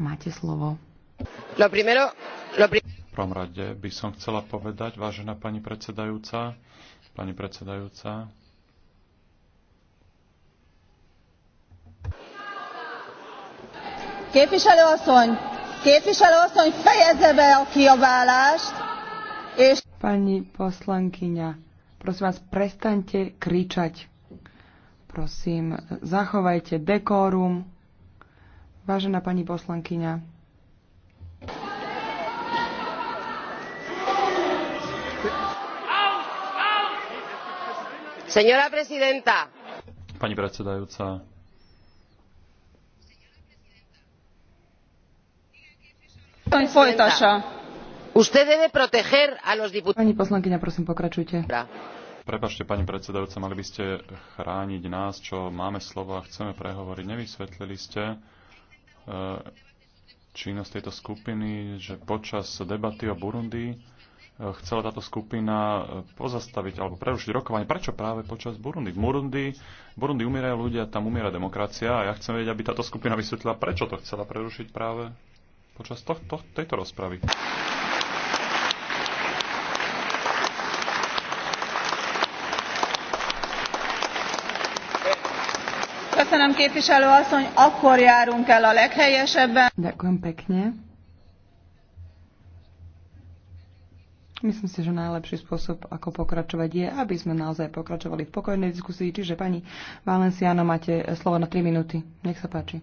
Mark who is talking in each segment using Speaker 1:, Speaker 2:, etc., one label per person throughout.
Speaker 1: Máte slovo.
Speaker 2: Lo primero, lo pri...
Speaker 3: V prvom rade by som chcela povedať, vážená pani predsedajúca, pani predsedajúca,
Speaker 1: Képviselő asszony, fejezze be a kiabálást, és... Pani poslankyňa, prosím vás, prestaňte kričať. Prosím, zachovajte dekórum, Vážená pani poslankyňa. Señora
Speaker 2: prezidenta.
Speaker 3: Pani predsedajúca.
Speaker 2: Pani Usted debe
Speaker 1: proteger a los diputados. Pani poslankyňa, prosím, pokračujte.
Speaker 3: Prepačte, pani predsedajúca, mali by ste chrániť nás, čo máme slovo a chceme prehovoriť. Nevysvetlili ste, E, činnosť tejto skupiny, že počas debaty o Burundi e, chcela táto skupina e, pozastaviť alebo prerušiť rokovanie. Prečo práve počas Burundi? V Burundi, Burundi umierajú ľudia, tam umiera demokracia a ja chcem vedieť, aby táto skupina vysvetlila, prečo to chcela prerušiť práve počas to, tejto rozpravy.
Speaker 2: Köszönöm képviselő asszony, akkor járunk el a
Speaker 1: leghelyesebben. Ďakujem pekne. Myslím si, že najlepší spôsob, ako pokračovať, je, aby sme naozaj pokračovali v pokojnej diskusii. Čiže pani Valenciano, máte slovo na 3 minúty. Nech sa páči.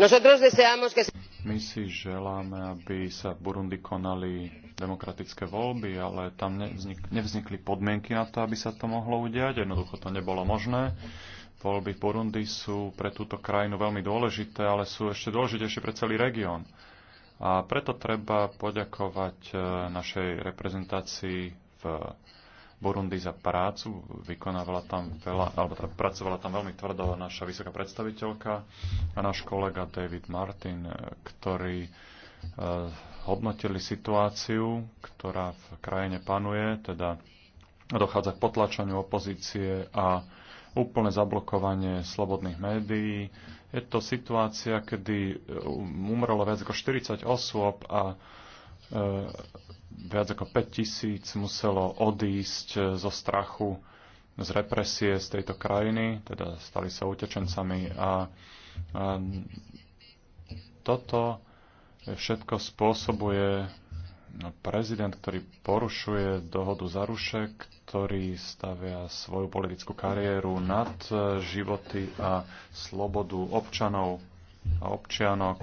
Speaker 2: Nosotros deseamos que...
Speaker 3: My si želáme, aby sa v Burundi konali demokratické voľby, ale tam nevznik- nevznikli podmienky na to, aby sa to mohlo udiať. Jednoducho to nebolo možné. Voľby v Burundi sú pre túto krajinu veľmi dôležité, ale sú ešte dôležitejšie pre celý región. A preto treba poďakovať e, našej reprezentácii v Burundi za prácu. Vykonávala tam veľa, alebo teda pracovala tam veľmi tvrdo naša vysoká predstaviteľka a náš kolega David Martin, ktorý e, hodnotili situáciu, ktorá v krajine panuje, teda dochádza k potlačaniu opozície a úplné zablokovanie slobodných médií. Je to situácia, kedy e, umrlo viac ako 40 osôb a e, viac ako 5 tisíc muselo odísť eh, zo strachu, z represie z tejto krajiny, teda stali sa utečencami a, a toto všetko spôsobuje no, prezident, ktorý porušuje dohodu za ruše, ktorý stavia svoju politickú kariéru nad eh, životy a slobodu občanov a občianok.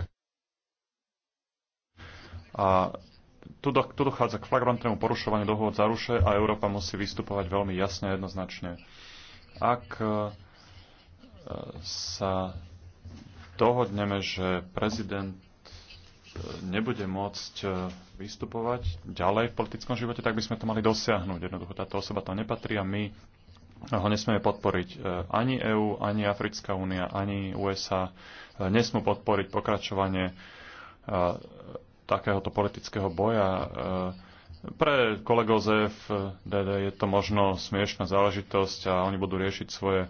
Speaker 3: A tu, do, tu dochádza k flagrantnému porušovaniu dohôd za ruše a Európa musí vystupovať veľmi jasne a jednoznačne. Ak e, sa dohodneme, že prezident e, nebude môcť e, vystupovať ďalej v politickom živote, tak by sme to mali dosiahnuť. Jednoducho táto osoba to nepatrí a my ho nesmieme podporiť. Ani EÚ, ani Africká únia, ani USA nesmú podporiť pokračovanie takéhoto politického boja. E, pre kolegov z FDD je to možno smiešná záležitosť a oni budú riešiť svoje,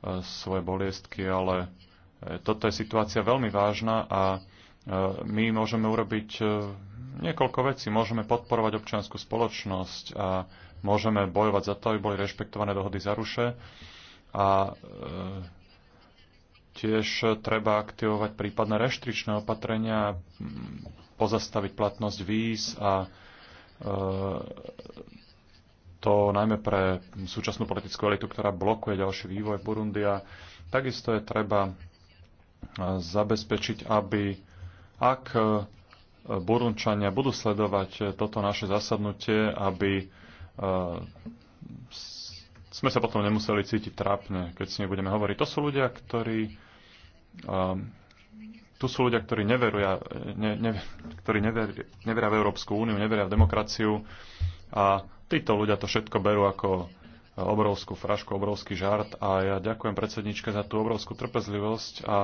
Speaker 3: e, svoje boliestky, ale e, toto je situácia veľmi vážna a my môžeme urobiť niekoľko vecí. Môžeme podporovať občianskú spoločnosť a môžeme bojovať za to, aby boli rešpektované dohody za ruše a tiež treba aktivovať prípadné reštričné opatrenia, pozastaviť platnosť víz a e, to najmä pre súčasnú politickú elitu, ktorá blokuje ďalší vývoj v Burundi a takisto je treba e, zabezpečiť, aby ak e, Burunčania budú sledovať toto naše zasadnutie, aby sme sa potom nemuseli cítiť trápne, keď s nimi budeme hovoriť. To sú ľudia, ktorí tu sú ľudia, ktorí neveria, ne, ne, ktorí neveria, neveria v Európsku úniu, neveria v demokraciu a títo ľudia to všetko berú ako obrovskú frašku, obrovský žart a ja ďakujem predsedničke za tú obrovskú trpezlivosť a, a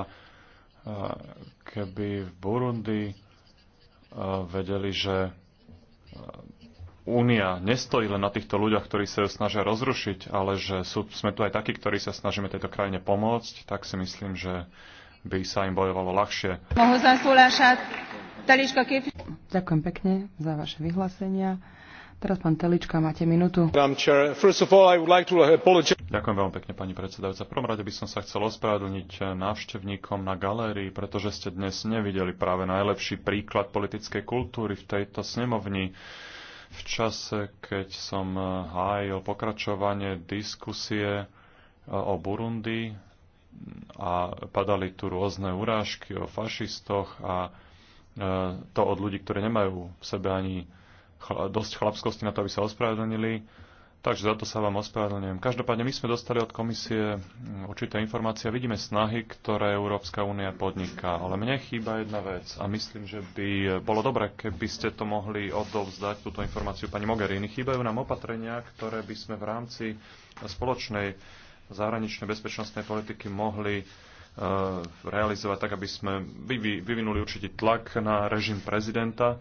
Speaker 3: keby v Burundi vedeli, že únia nestojí len na týchto ľuďoch, ktorí sa ju snažia rozrušiť, ale že sú, sme tu aj takí, ktorí sa snažíme tejto krajine pomôcť, tak si myslím, že by sa im bojovalo ľahšie.
Speaker 1: Ďakujem pekne za vaše vyhlásenia. Teraz pán Telička, máte minútu.
Speaker 3: Uh, Ďakujem veľmi pekne, pani predsedajúca. prvom rade by som sa chcel ospravedlniť uh, návštevníkom na galérii, pretože ste dnes nevideli práve najlepší príklad politickej kultúry v tejto snemovni. V čase, keď som uh, hájil pokračovanie diskusie o Burundi, a padali tu rôzne urážky o fašistoch a e, to od ľudí, ktorí nemajú v sebe ani dosť chlapskosti na to, aby sa ospravedlnili. Takže za to sa vám ospravedlňujem. Každopádne my sme dostali od komisie mm, určité informácie a vidíme snahy, ktoré Európska únia podniká. Ale mne chýba jedna vec a myslím, že by bolo dobré, keby ste to mohli odovzdať, túto informáciu pani Mogherini. Chýbajú nám opatrenia, ktoré by sme v rámci spoločnej zahraničnej bezpečnostnej politiky mohli e, realizovať tak, aby sme vyvinuli určitý tlak na režim prezidenta.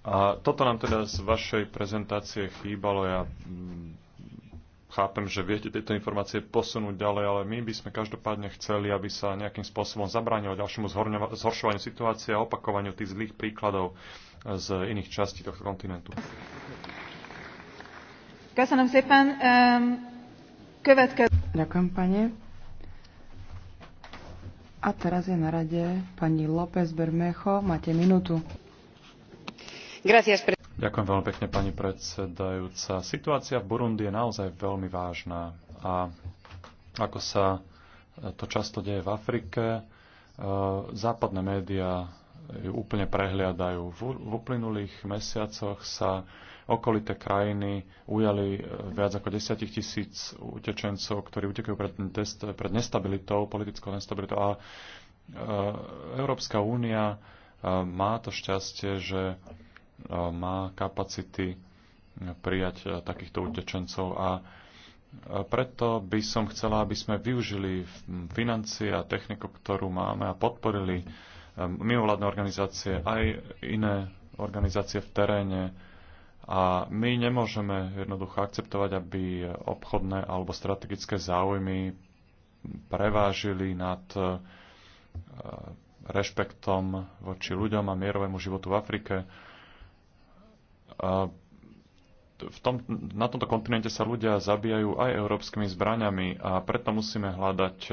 Speaker 3: A toto nám teda z vašej prezentácie chýbalo. Ja mm, chápem, že viete tieto informácie posunúť ďalej, ale my by sme každopádne chceli, aby sa nejakým spôsobom zabránilo ďalšiemu zhoršovaniu situácie a opakovaniu tých zlých príkladov e, z iných častí tohto kontinentu.
Speaker 2: Ďakujem. Um... Ďakujem,
Speaker 1: pane. A teraz je na rade pani López Bermejo, Máte minútu.
Speaker 4: Ďakujem
Speaker 3: veľmi pekne, pani predsedajúca. Situácia v Burundi je naozaj veľmi vážna a ako sa to často deje v Afrike, e, západné médiá ju úplne prehliadajú. V uplynulých mesiacoch sa okolité krajiny ujali e, viac ako 10 tisíc utečencov, ktorí utekajú pred, test, pred nestabilitou, politickou nestabilitou. A e, Európska únia e, má to šťastie, že má kapacity prijať takýchto utečencov a preto by som chcela, aby sme využili financie a techniku, ktorú máme a podporili mimovládne organizácie, aj iné organizácie v teréne, a my nemôžeme jednoducho akceptovať, aby obchodné alebo strategické záujmy prevážili nad e, rešpektom voči ľuďom a mierovému životu v Afrike. E, v tom, na tomto kontinente sa ľudia zabíjajú aj európskymi zbraňami a preto musíme hľadať e,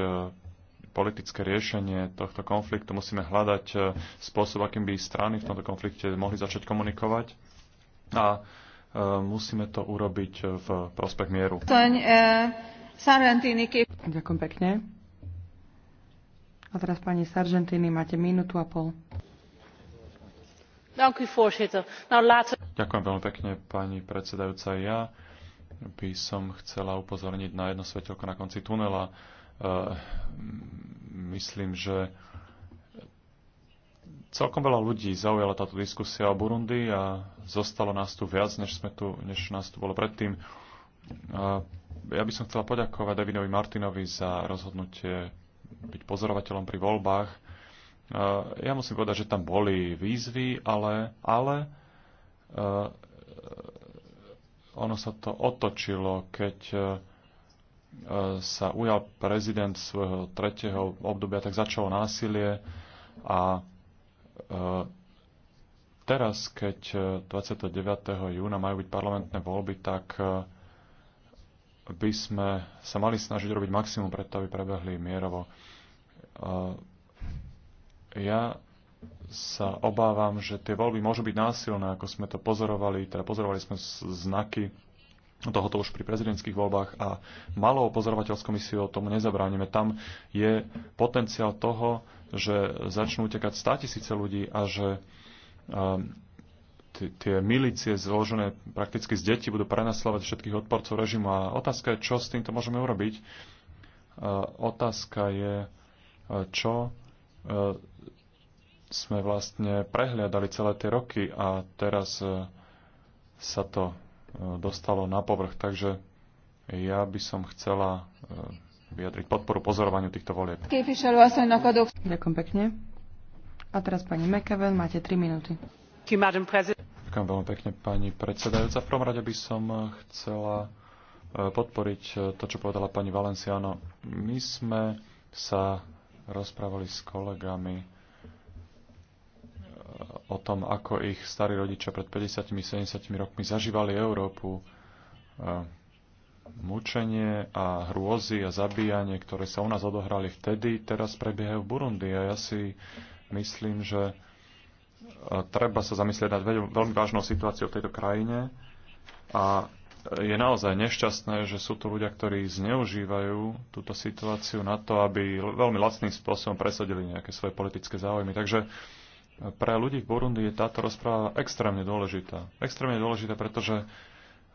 Speaker 3: politické riešenie tohto konfliktu, musíme hľadať spôsob, akým by strany v tomto konflikte mohli začať komunikovať a e, musíme to urobiť e, v prospech mieru.
Speaker 2: E,
Speaker 1: Ďakujem pekne. A teraz pani Sargentini, máte minútu a pol.
Speaker 2: Ďakujem
Speaker 3: veľmi pekne, pani predsedajúca. Ja by som chcela upozorniť na jedno svetelko na konci tunela. Myslím, že celkom veľa ľudí zaujala táto diskusia o Burundi a Zostalo nás tu viac, než, sme tu, než nás tu bolo predtým. Ja by som chcela poďakovať Davidovi Martinovi za rozhodnutie byť pozorovateľom pri voľbách. Ja musím povedať, že tam boli výzvy, ale, ale ono sa to otočilo, keď sa ujal prezident svojho tretieho obdobia, tak začalo násilie a teraz, keď 29. E, júna majú byť parlamentné voľby, tak e, by sme sa mali snažiť robiť maximum preto, aby prebehli mierovo. E, ja sa obávam, že tie voľby môžu byť násilné, ako sme to pozorovali, teda pozorovali sme znaky tohoto už pri prezidentských voľbách a malou pozorovateľskou misiou tomu nezabránime. Tam je potenciál toho, že začnú utekať 100 tisíce ľudí a že tie milície zložené prakticky z detí budú prenasledovať všetkých odporcov režimu. A otázka je, čo s týmto môžeme urobiť. Otázka je, čo sme vlastne prehliadali celé tie roky a teraz sa to dostalo na povrch. Takže ja by som chcela vyjadriť podporu pozorovaniu týchto volieb.
Speaker 1: Ďakujem pekne. A teraz pani McEwen, máte 3 minúty. Ďakujem
Speaker 3: veľmi pekne, pani predsedajúca. V prvom rade by som eh, chcela eh, podporiť eh, to, čo povedala pani Valenciano. My sme sa rozprávali s kolegami o tom, ako ich starí rodičia pred 50-70 rokmi zažívali Európu, mučenie a hrôzy a zabíjanie, ktoré sa u nás odohrali vtedy, teraz prebiehajú v Burundi. A ja si myslím, že e, treba sa zamyslieť nad veľmi vážnou situáciou v tejto krajine a je naozaj nešťastné, že sú tu ľudia, ktorí zneužívajú túto situáciu na to, aby veľmi lacným spôsobom presadili nejaké svoje politické záujmy. Takže e, pre ľudí v Burundi je táto rozpráva extrémne dôležitá. Extrémne dôležitá, pretože,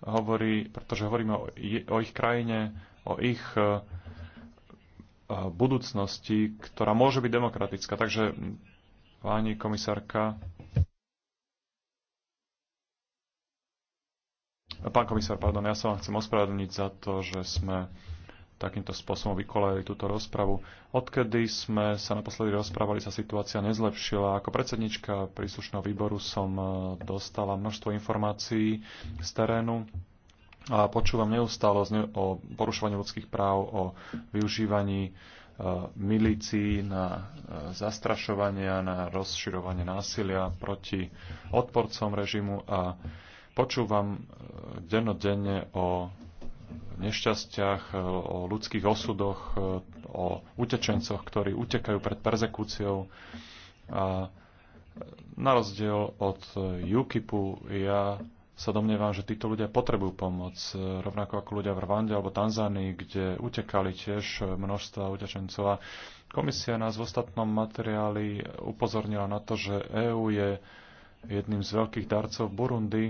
Speaker 3: hovorí, pretože hovoríme o, o ich krajine, o ich e, budúcnosti, ktorá môže byť demokratická. Takže, páni komisárka, Pán komisár, pardon, ja sa vám chcem ospravedlniť za to, že sme takýmto spôsobom vykolajili túto rozpravu. Odkedy sme sa naposledy rozprávali, sa situácia nezlepšila. Ako predsednička príslušného výboru som dostala množstvo informácií z terénu a počúvam neustále o porušovaní ľudských práv, o využívaní e, milícií na e, zastrašovania, na rozširovanie násilia proti odporcom režimu a počúvam e, dennodenne o nešťastiach, o ľudských osudoch, o utečencoch, ktorí utekajú pred persekúciou. A na rozdiel od UKIPu ja sa domnievam, že títo ľudia potrebujú pomoc, e, rovnako ako ľudia v Rwande alebo Tanzánii, kde utekali tiež množstva utečencov. A komisia nás v ostatnom materiáli upozornila na to, že EÚ je jedným z veľkých darcov Burundi.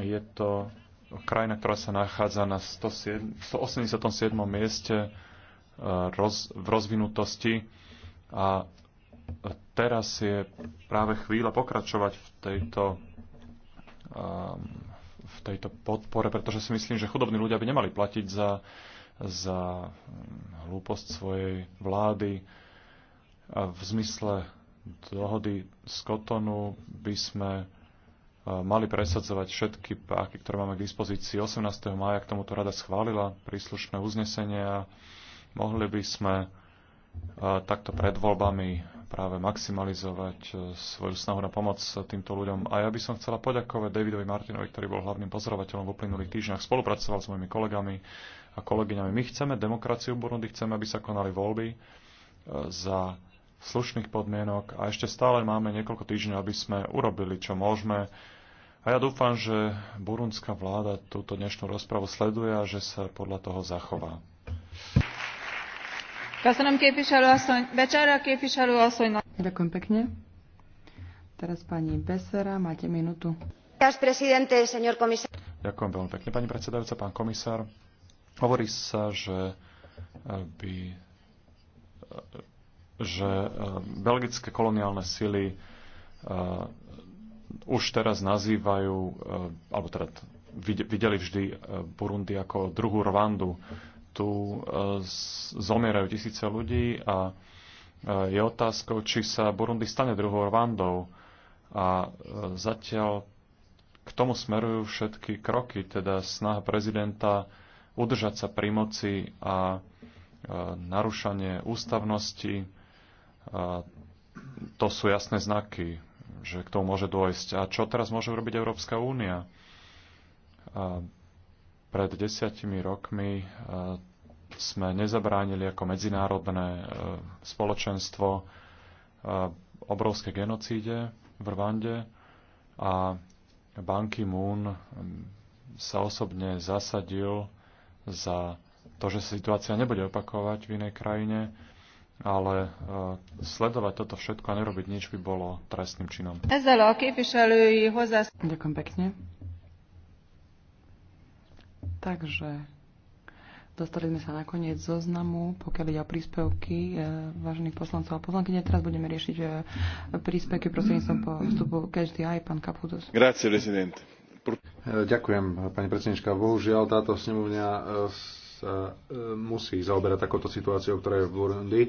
Speaker 3: Je to krajina, ktorá sa nachádza na 187. mieste e, v rozvinutosti a teraz je práve chvíľa pokračovať v tejto Um, v tejto podpore, pretože si myslím, že chudobní ľudia by nemali platiť za, za um, hlúposť svojej vlády. A v zmysle dohody z Kotonu by sme uh, mali presadzovať všetky páky, ktoré máme k dispozícii. 18. mája k tomuto rada schválila príslušné uznesenia a mohli by sme uh, takto pred voľbami práve maximalizovať e, svoju snahu na pomoc týmto ľuďom. A ja by som chcela poďakovať Davidovi Martinovi, ktorý bol hlavným pozorovateľom v uplynulých týždňoch, spolupracoval s mojimi kolegami a kolegyňami. My chceme demokraciu v Burundi, chceme, aby sa konali voľby e, za slušných podmienok a ešte stále máme niekoľko týždňov, aby sme urobili, čo môžeme. A ja dúfam, že burundská vláda túto dnešnú rozpravu sleduje a že sa podľa toho zachová.
Speaker 2: Ďakujem
Speaker 1: pekne. Teraz pani Besera, máte minútu.
Speaker 3: Ďakujem veľmi pekne, pani predsedajúca, pán komisár. Hovorí sa, že eh, by eh, že eh, belgické koloniálne sily už teraz nazývajú, alebo teda videli vždy Burundi ako druhú Rwandu tu eh, zomierajú tisíce ľudí a eh, je otázkou, či sa Burundi stane druhou Rwandou. A eh, zatiaľ k tomu smerujú všetky kroky, teda snaha prezidenta udržať sa pri moci a narušanie ústavnosti. A to sú jasné znaky, že k tomu môže dôjsť. A čo teraz môže urobiť Európska únia? A pred desiatimi rokmi e, sme nezabránili ako medzinárodné e, spoločenstvo e, obrovské genocíde v Rwande a Ban Ki-moon sa osobne zasadil za to, že sa situácia nebude opakovať v inej krajine, ale sledovať toto všetko a nerobiť nič by bolo trestným činom.
Speaker 2: Ďakujem
Speaker 1: pekne. Takže dostali sme sa nakoniec zoznamu, pokiaľ ide o príspevky e, vážnych poslancov a poslankyne. Teraz budeme riešiť e, príspevky prostredníctvom postupu každý aj pán Kapudos.
Speaker 4: Grazie, prezident. E, ďakujem, pani predsednička. Bohužiaľ, táto snemovňa e, sa e, musí zaoberať takouto situáciou, ktorá je v Burundi.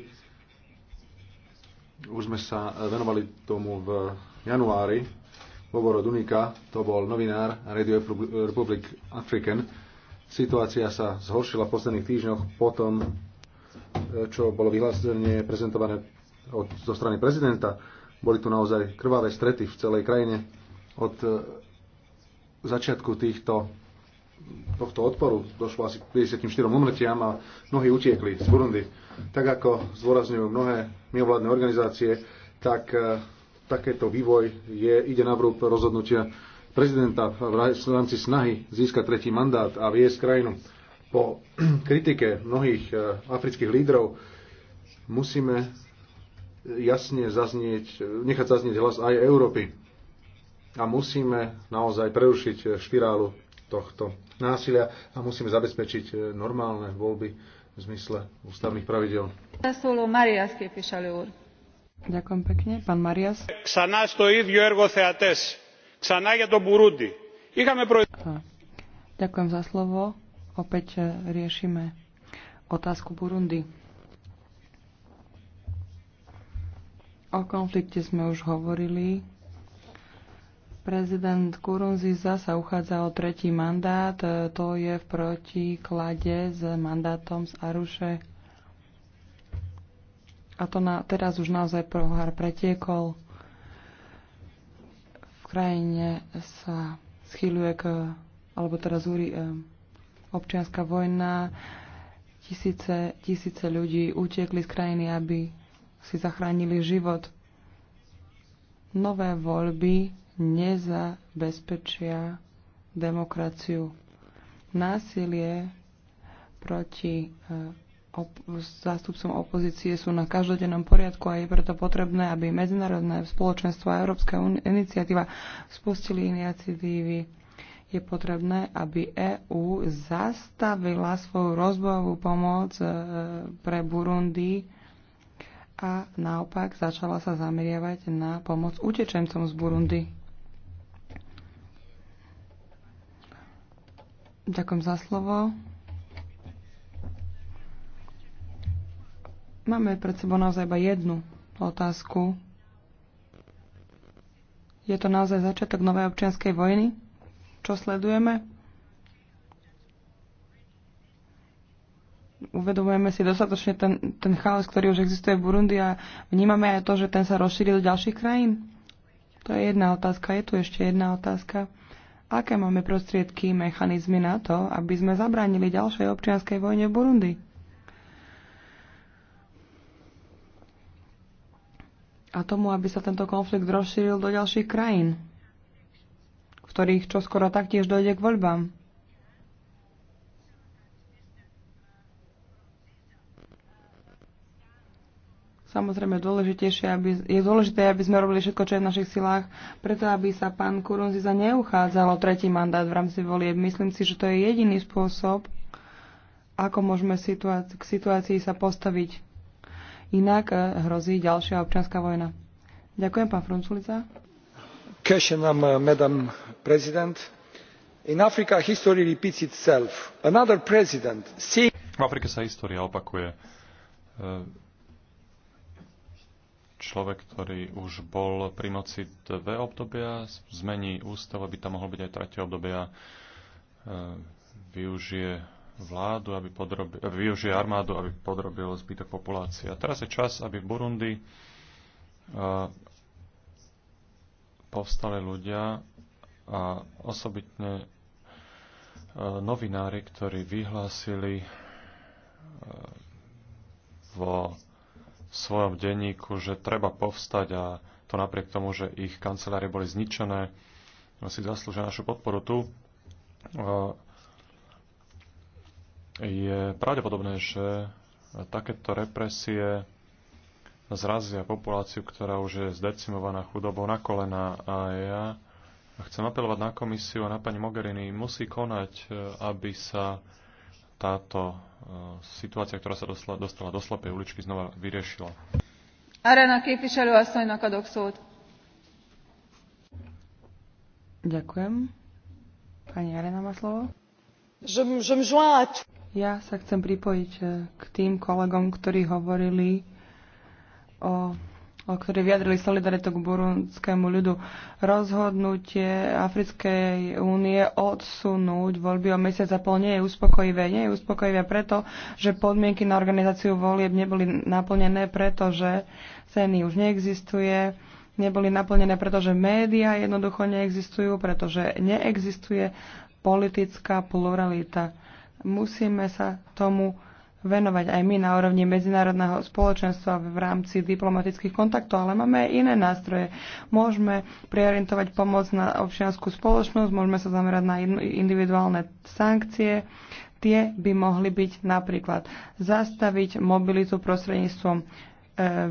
Speaker 4: Už sme sa venovali tomu v januári Boboro Dunika, to bol novinár Radio Republic African. Situácia sa zhoršila v posledných týždňoch potom, e, čo bolo vyhlásenie prezentované od, zo strany prezidenta. Boli tu naozaj krvavé strety v celej krajine od e, začiatku týchto tohto odporu došlo asi k 54 umrtiam a mnohí utiekli z Burundi. Tak ako zdôrazňujú mnohé mimovládne organizácie, tak e, takéto vývoj je, ide na vrúb rozhodnutia prezidenta v rámci snahy získať tretí mandát a viesť krajinu. Po kritike mnohých eh, afrických lídrov musíme jasne zaznieť, eh, nechať zaznieť hlas aj Európy. A musíme naozaj prerušiť eh, špirálu tohto násilia a musíme zabezpečiť normálne voľby v zmysle ústavných pravidel.
Speaker 2: Szóló Marias képviselő Ďakujem pekne.
Speaker 1: Pán Marias.
Speaker 4: Ξανά στο ίδιο έργο θεατές. Ξανά για τον Μπουρούντι.
Speaker 1: Είχαμε προ... Ďakujem za slovo. Opäť e, riešime otázku Burundi. O konflikte sme už hovorili. Prezident Kurunziza sa uchádza o tretí mandát. E, to je v protiklade s mandátom z Aruše a to na, teraz už naozaj prohár pretiekol. V krajine sa schýľuje k, alebo teraz zúri e, občianská vojna. Tisíce, tisíce ľudí utiekli z krajiny, aby si zachránili život. Nové voľby nezabezpečia demokraciu. Násilie proti e, op- zástupcom opozície sú na každodennom poriadku a je preto potrebné, aby medzinárodné spoločenstvo a Európska iniciatíva spustili iniciatívy. Je potrebné, aby EÚ zastavila svoju rozvojovú pomoc e, pre Burundi a naopak začala sa zameriavať na pomoc utečencom z Burundi. Ďakujem za slovo. Máme pred sebou naozaj iba jednu otázku. Je to naozaj začiatok novej občianskej vojny? Čo sledujeme? Uvedomujeme si dostatočne ten, ten chaos, ktorý už existuje v Burundi a vnímame aj to, že ten sa rozšíril do ďalších krajín? To je jedna otázka. Je tu ešte jedna otázka. Aké máme prostriedky, mechanizmy na to, aby sme zabránili ďalšej občianskej vojne v Burundi? a tomu, aby sa tento konflikt rozšíril do ďalších krajín, v ktorých čoskoro taktiež dojde k voľbám. Samozrejme, dôležitejšie, aby, je dôležité, aby sme robili všetko, čo je v našich silách, preto aby sa pán Kurunziza neuchádzal o tretí mandát v rámci volieb. Myslím si, že to je jediný spôsob, ako môžeme situáci- k situácii sa postaviť Inak e, hrozí ďalšia občianská vojna. Ďakujem, pán Frunculica.
Speaker 4: Köszönöm, e, madam president. In Africa history repeats itself. Another president See... V
Speaker 3: Afrike sa história opakuje. E, človek, ktorý už bol pri moci dve obdobia, zmení ústav, aby tam mohol byť aj tretie obdobia, využije vládu, aby, podrobi, aby využije armádu, aby podrobil zbytok populácie. A teraz je čas, aby v Burundi uh, povstali ľudia a osobitne uh, novinári, ktorí vyhlásili uh, vo svojom denníku, že treba povstať a to napriek tomu, že ich kancelárie boli zničené, si zaslúžia našu podporu tu. Uh, je pravdepodobné, že takéto represie zrazia populáciu, ktorá už je zdecimovaná chudobou na kolena A ja chcem apelovať na komisiu a na pani Mogherini, musí konať, e, aby sa táto e, situácia, ktorá sa dostala, dostala do slepej uličky, znova vyriešila.
Speaker 2: Arena képviselő a Sojna szót.
Speaker 1: Ďakujem. Pani Arena má slovo. Je, je ja sa chcem pripojiť e, k tým kolegom, ktorí hovorili o, o ktorí vyjadrili solidaritu k burundskému ľudu. Rozhodnutie Africkej únie odsunúť voľby o mesiac a pol nie je uspokojivé. Nie je uspokojivé preto, že podmienky na organizáciu volieb neboli naplnené, pretože ceny už neexistuje neboli naplnené, pretože médiá jednoducho neexistujú, pretože neexistuje politická pluralita. Musíme sa tomu venovať aj my na úrovni medzinárodného spoločenstva v rámci diplomatických kontaktov, ale máme aj iné nástroje. Môžeme priorientovať pomoc na občianskú spoločnosť, môžeme sa zamerať na individuálne sankcie. Tie by mohli byť napríklad zastaviť mobilitu prostredníctvom e,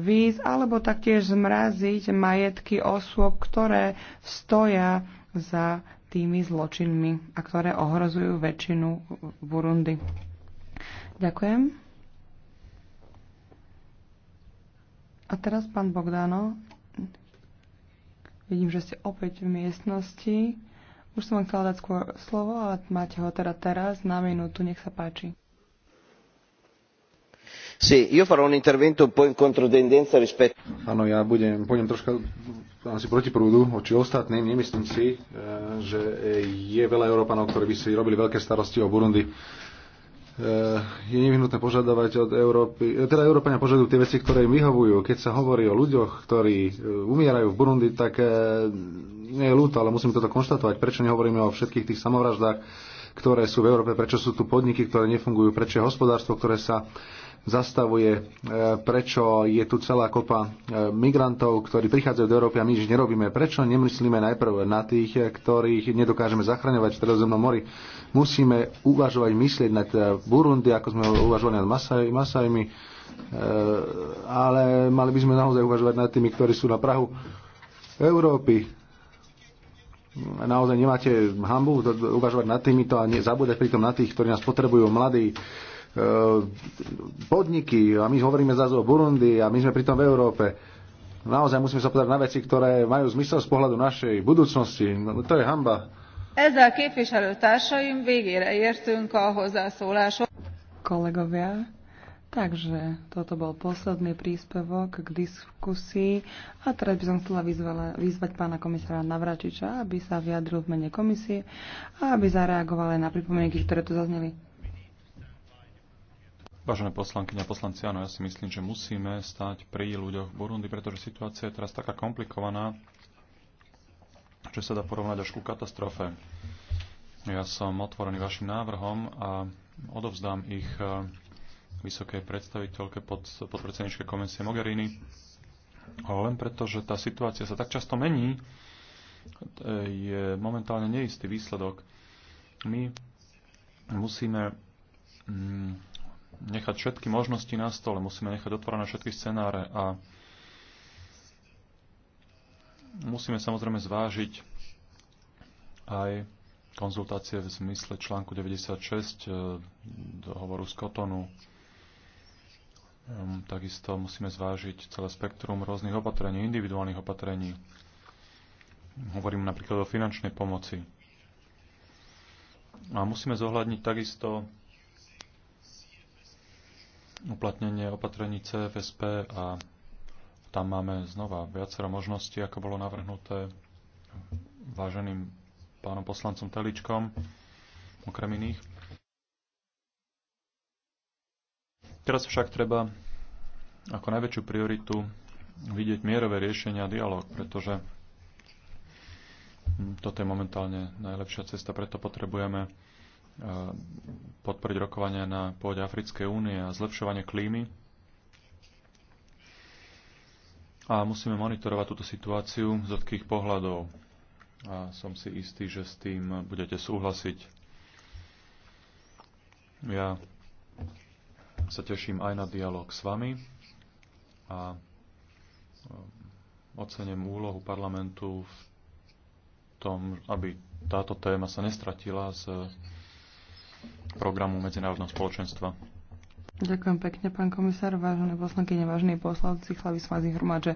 Speaker 1: víz alebo taktiež zmraziť majetky osôb, ktoré stoja za tými zločinmi a ktoré ohrozujú väčšinu Burundi. Ďakujem. A teraz pán Bogdano. Vidím, že ste opäť v miestnosti. Už som vám chcela dať skôr slovo, ale máte ho teda teraz na minútu. Nech sa páči.
Speaker 4: sí, io farò un intervento un po' in controtendenza rispetto... Áno, ja budem, budem troška asi proti prúdu oči ostatným. Nemyslím si, e, že je veľa Európanov, ktorí by si robili veľké starosti o Burundi e, je nevyhnutné požadovať od Európy, e, teda Európania požadujú tie veci, ktoré im vyhovujú. Keď sa hovorí o ľuďoch, ktorí umierajú v Burundi, tak nie je ľúto, ale musím toto konštatovať. Prečo nehovoríme o všetkých tých samovraždách, ktoré sú v Európe, prečo sú tu podniky, ktoré nefungujú, prečo je hospodárstvo, ktoré sa zastavuje, e, prečo je tu celá kopa e, migrantov, ktorí prichádzajú do Európy a my nič nerobíme. Prečo nemyslíme najprv na tých, ktorých nedokážeme zachraňovať v Stredozemnom mori? Musíme uvažovať, myslieť nad e, Burundi, ako sme uvažovali nad Masaj, Masajmi, ale mali by sme naozaj uvažovať nad tými, ktorí sú na Prahu Európy naozaj nemáte hambu uvažovať nad týmito a nezabúdať pritom na tých, ktorí nás potrebujú, mladí, Eh, podniky a my hovoríme zase o Burundi a my sme pritom v Európe. Naozaj musíme sa pozerať na veci, ktoré majú zmysel z pohľadu našej budúcnosti. No, to je hamba.
Speaker 2: Ezzel képviselőtársaim végére értünk a hozzászólások.
Speaker 1: Kolegovia, takže toto bol posledný príspevok k diskusii a teraz by som chcela vyzvala, vyzvať pána komisára Navračiča, aby sa vyjadril v mene komisie a aby zareagoval aj na pripomienky, ktoré tu zazneli.
Speaker 3: Vážené poslankyňa, poslanci, áno, ja si myslím, že musíme stať pri ľuďoch v Burundi, pretože situácia je teraz taká komplikovaná, že sa dá porovnať až ku katastrofe. Ja som otvorený vašim návrhom a odovzdám ich eh, vysokej predstaviteľke pod, podpredsedničke komisie Mogherini, len preto, že tá situácia sa tak často mení, je momentálne neistý výsledok. My musíme mm, nechať všetky možnosti na stole, musíme nechať otvorené všetky scenáre a musíme samozrejme zvážiť aj konzultácie v zmysle článku 96 e, dohovoru z Kotonu. Ehm, takisto musíme zvážiť celé spektrum rôznych opatrení, individuálnych opatrení. Hovorím napríklad o finančnej pomoci. A musíme zohľadniť takisto uplatnenie opatrení CFSP a tam máme znova viacero možností, ako bolo navrhnuté váženým pánom poslancom Teličkom, okrem iných. Teraz však treba ako najväčšiu prioritu vidieť mierové riešenia a dialog, pretože toto je momentálne najlepšia cesta, preto potrebujeme podporiť rokovania na pôde Africkej únie a zlepšovanie klímy. A musíme monitorovať túto situáciu z odkých pohľadov. A som si istý, že s tým budete súhlasiť. Ja sa teším aj na dialog s vami a ocením úlohu parlamentu v tom, aby táto téma sa nestratila z programu medzinárodného spoločenstva.
Speaker 1: Ďakujem pekne, pán komisár, vážené poslanky, nevážení poslanci. Chcela by som že